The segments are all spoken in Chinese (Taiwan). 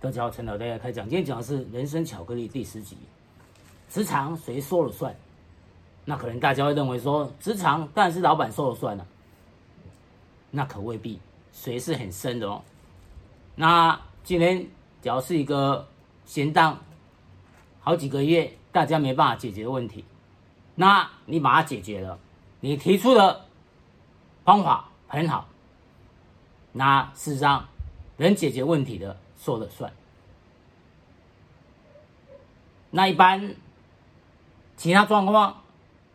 大家好，陳老大開講。今天講的是《人生巧克力》第十集：職場誰說了算？那可能大家會認為說，職場當然是老板說了算了啊。那可未必，水是很深的哦。那今天只要是一個閒當，好幾個月大家沒辦法解決的問題，那你把它解決了，你提出的方法很好，那事實上能解決問題的。說了算。那一般其他狀況，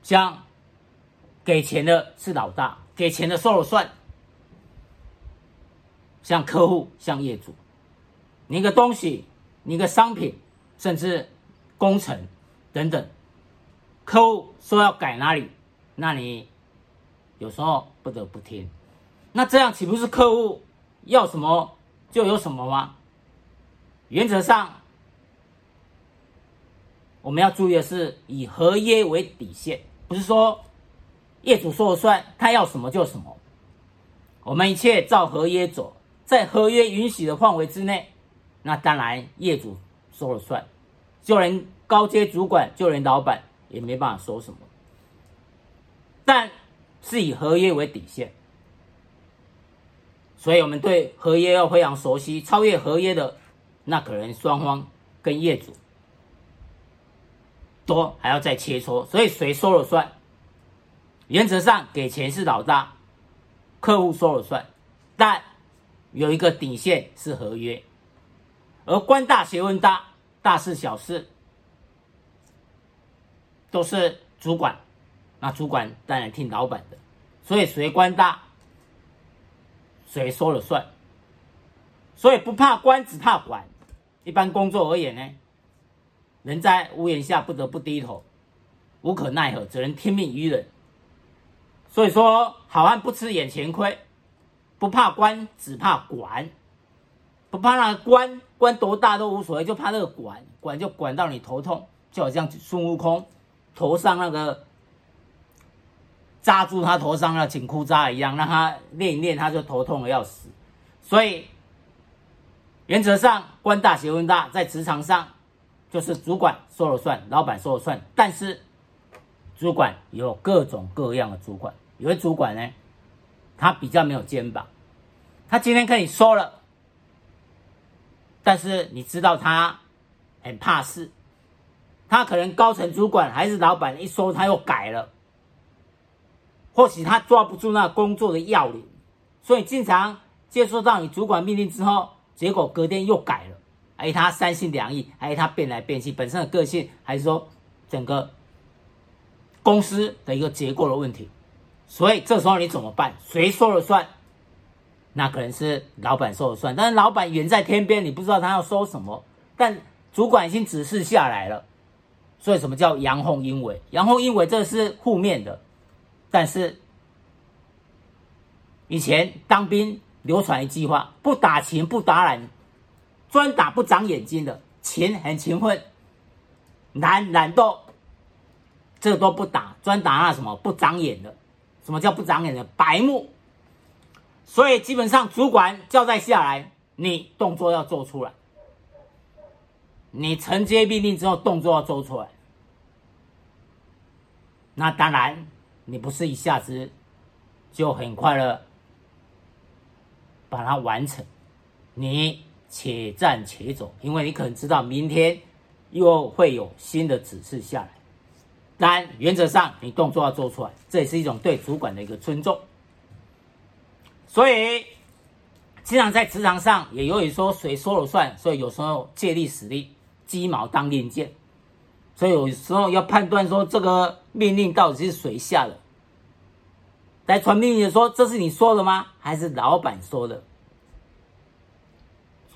像給錢的是老大，給錢的說了算。像客戶、像業主，你一個東西、你一個商品，甚至工程等等，客戶說要改哪裡，那你有時候不得不聽。那這樣豈不是客戶要什麼就有什麼嗎？原則上，我們要注意的是以合約為底線，不是說業主說了算，他要什麼就什麼。我們一切照合約走，在合約允許的範圍之內，那當然業主說了算，就連高階主管、就連老闆也沒辦法說什麼。但是以合約為底線，所以我們對合約要非常熟悉，超越合約的。那可能雙方跟業主都還要再切磋，所以誰說了算？原則上給錢是老大，客戶說了算，但有一個底線是合約。而官大學問大，大事小事都是主管，那主管當然聽老闆的，所以誰官大，誰說了算。所以不怕官，只怕管。一般工作而言呢，人在屋檐下不得不低頭，無可奈何，只能聽命於人。所以說，好漢不吃眼前虧，不怕官，只怕管。不怕那個官官多大都無所謂，就怕那個管管就管到你頭痛，就好像孫悟空頭上那個扎住他頭上那緊箍咒一樣，讓他練一練他就頭痛的要死，所以。原則上，官大學問大，在職場上，就是主管說了算，老板說了算。但是，主管也有各種各樣的主管，有的主管呢，他比較沒有肩膀，他今天跟你說了，但是你知道他很怕事，他可能高層主管還是老板一說，他又改了。或許他抓不住那個工作的要領，所以經常接受到你主管命令之後。結果隔天又改了，還他三心兩意，還他變來變去，本身的個性，還是說整個公司的一個結構的問題。所以這時候你怎麼辦？誰說了算？那可能是老闆說了算，但是老闆遠在天邊，你不知道他要說什麼。但主管已經指示下來了，所以什麼叫陽奉陰違？陽奉陰違這是負面的，但是以前當兵。流傳一句話：不打勤不打懶，專打不長眼睛的。勤很勤奮，懶懶惰，這個都不打，專打那什麼不長眼的。什麼叫不長眼的？白目。所以基本上主管交代下來，你動作要做出來。你承接命令之後，動作要做出來。那當然，你不是一下子就很快樂。把它完成，你且戰且走，因為你可能知道明天又會有新的指示下來。但原則上，你動作要做出來，這也是一種對主管的一個尊重。所以，經常在職場上也有人說，誰說了算，所以有時候借力使力，雞毛當令箭。所以有時候要判斷說，這個命令到底是誰下的，來傳命令說，這是你說的嗎？還是老板說的？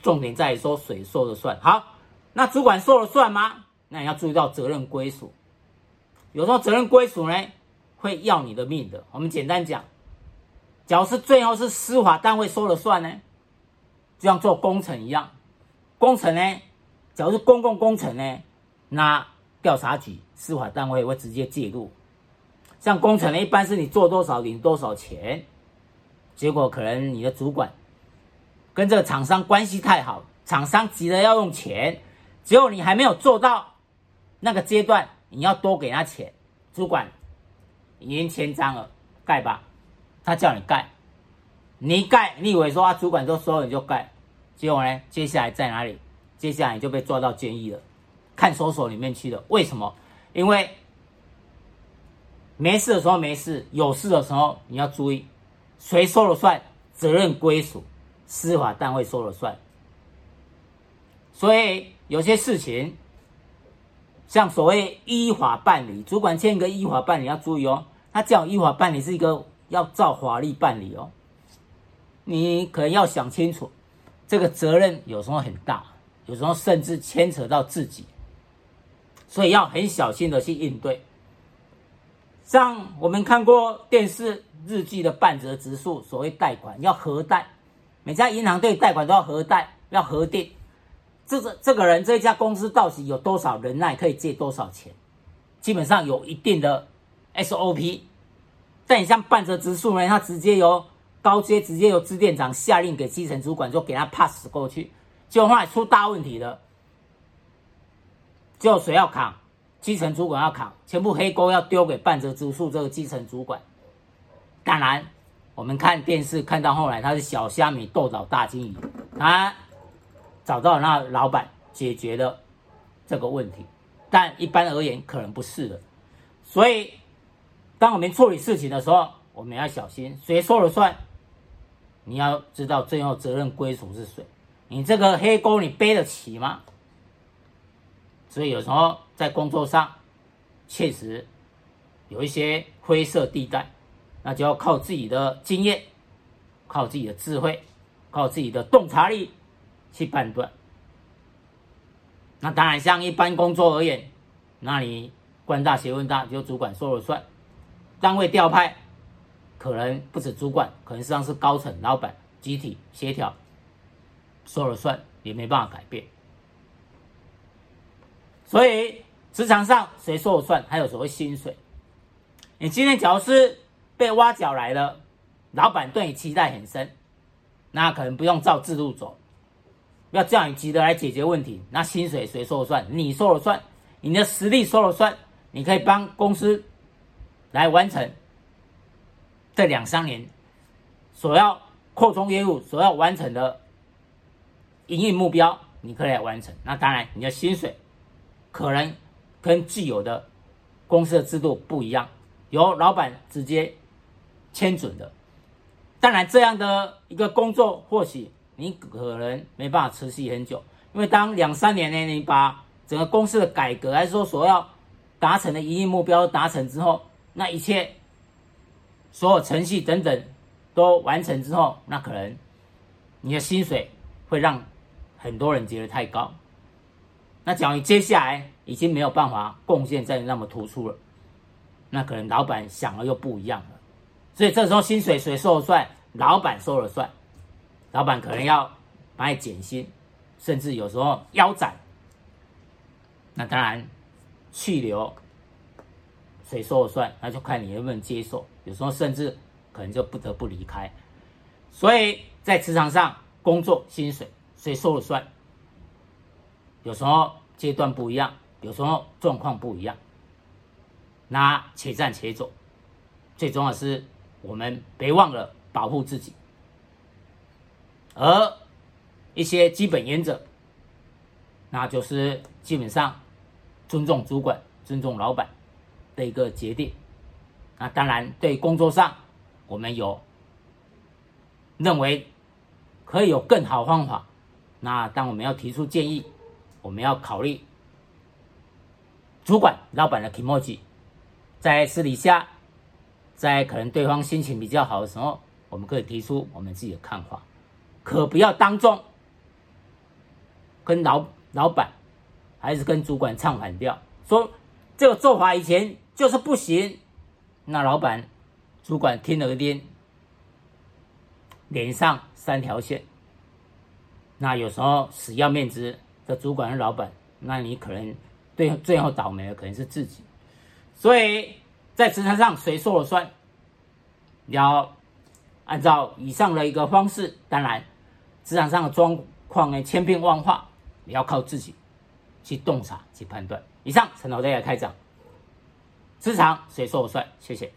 重點在於說誰說了算。好，那主管說了算嗎？那你要注意到責任歸屬。有時候責任歸屬呢，會要你的命的。我們簡單講，假如是最後是司法單位說了算呢，就像做工程一樣，工程呢，假如是公共工程呢，那調查局、司法單位會直接介入。像工程呢，一般是你做多少領多少錢，結果可能你的主管。跟這個廠商關係太好，廠商急着要用錢，只有你還沒有做到那個階段，你要多給他錢。主管已經簽章了，蓋吧，他叫你蓋，你一蓋，你以為說啊，主管都收了你就蓋，結果呢，接下來在哪裡？接下來你就被抓到監獄了，看守所裡面去了。為什麼？因為沒事的時候沒事，有事的時候你要注意，誰說了算，責任歸屬。司法單位說了算，所以有些事情，像所謂依法辦理，主管簽一個依法辦理要注意哦。他叫依法辦理是一個要照法律辦理哦，你可能要想清楚，這個責任有時候很大，有時候甚至牽扯到自己，所以要很小心的去應對。像我們看過電視日劇的半澤直樹，所謂貸款要核貸。每家銀行對貸款都要核貸，要核定，這個這個人、這家公司到底有多少人脈，可以借多少錢？基本上有一定的 SOP。但你像半澤直樹呢，他直接由高階直接由支店長下令給基層主管，就給他 pass 過去，結果後來出大問題了。就誰要扛？基層主管要扛，全部黑鍋要丟給半澤直樹這個基層主管。當然。我們看電視看到後來，他是小蝦米鬥倒大鯨魚，他找到那老闆解決了這個問題，但一般而言可能不是的，所以當我們處理事情的時候，我們要小心誰說了算，你要知道最後責任歸屬是誰，你這個黑鍋你背得起嗎？所以有時候在工作上確實有一些灰色地帶。那就要靠自己的經驗，靠自己的智慧，靠自己的洞察力去判斷。那當然，像一般工作而言，那你官大、學問大，就主管說了算；單位調派，可能不止主管，可能實際上是高層、老闆集體協調說了算，也沒辦法改變。所以，職場上誰說了算，還有所謂薪水。你今天調是被挖角來了，老闆對你期待很深，那可能不用照制度走，要叫你急着來解決問題。那薪水誰說了算？你說了算，你的實力說了算。你可以幫公司來完成這兩三年所要擴充業務、所要完成的營運目標，你可以來完成。那當然，你的薪水可能跟既有的公司的制度不一樣，由老闆直接。簽准的，當然這樣的一個工作，或許你可能沒辦法持續很久，因為當兩三年內你把整個公司的改革還是說所要達成的盈利目標都達成之後，那一切所有程序等等都完成之後，那可能你的薪水會讓很多人覺得太高。那假如你接下來已經沒有辦法貢獻再那麼突出了，那可能老闆想了又不一樣了。所以這時候薪水誰說了算？老闆說了算。老闆可能要把你減薪，甚至有時候腰斬。那當然，去留誰說了算？那就看你能不能接受。有時候甚至可能就不得不離開。所以在職場上工作薪水誰說了算？有時候階段不一樣，有時候狀況不一樣。那且戰且走，最重要是。我們別忘了保護自己，而一些基本原則，那就是基本上尊重主管、尊重老闆的一個決定。那當然，對工作上我們有認為可以有更好方法，那當我們要提出建議，我們要考慮主管、老闆的気持ち，在私底下。在可能對方心情比較好的時候，我們可以提出我們自己的看法，可不要當眾跟老老板還是跟主管唱反調，說這個做法以前就是不行。那老板、主管聽了聽，臉上三條線。那有時候死要面子的主管和老板，那你可能最最後倒霉的可能是自己，所以。在職場上，誰說了算？你要按照以上的一個方式，當然，職場上的狀況呢千變萬化，你要靠自己去洞察、去判斷。以上，陳老師也開講。職場誰說了算？謝謝。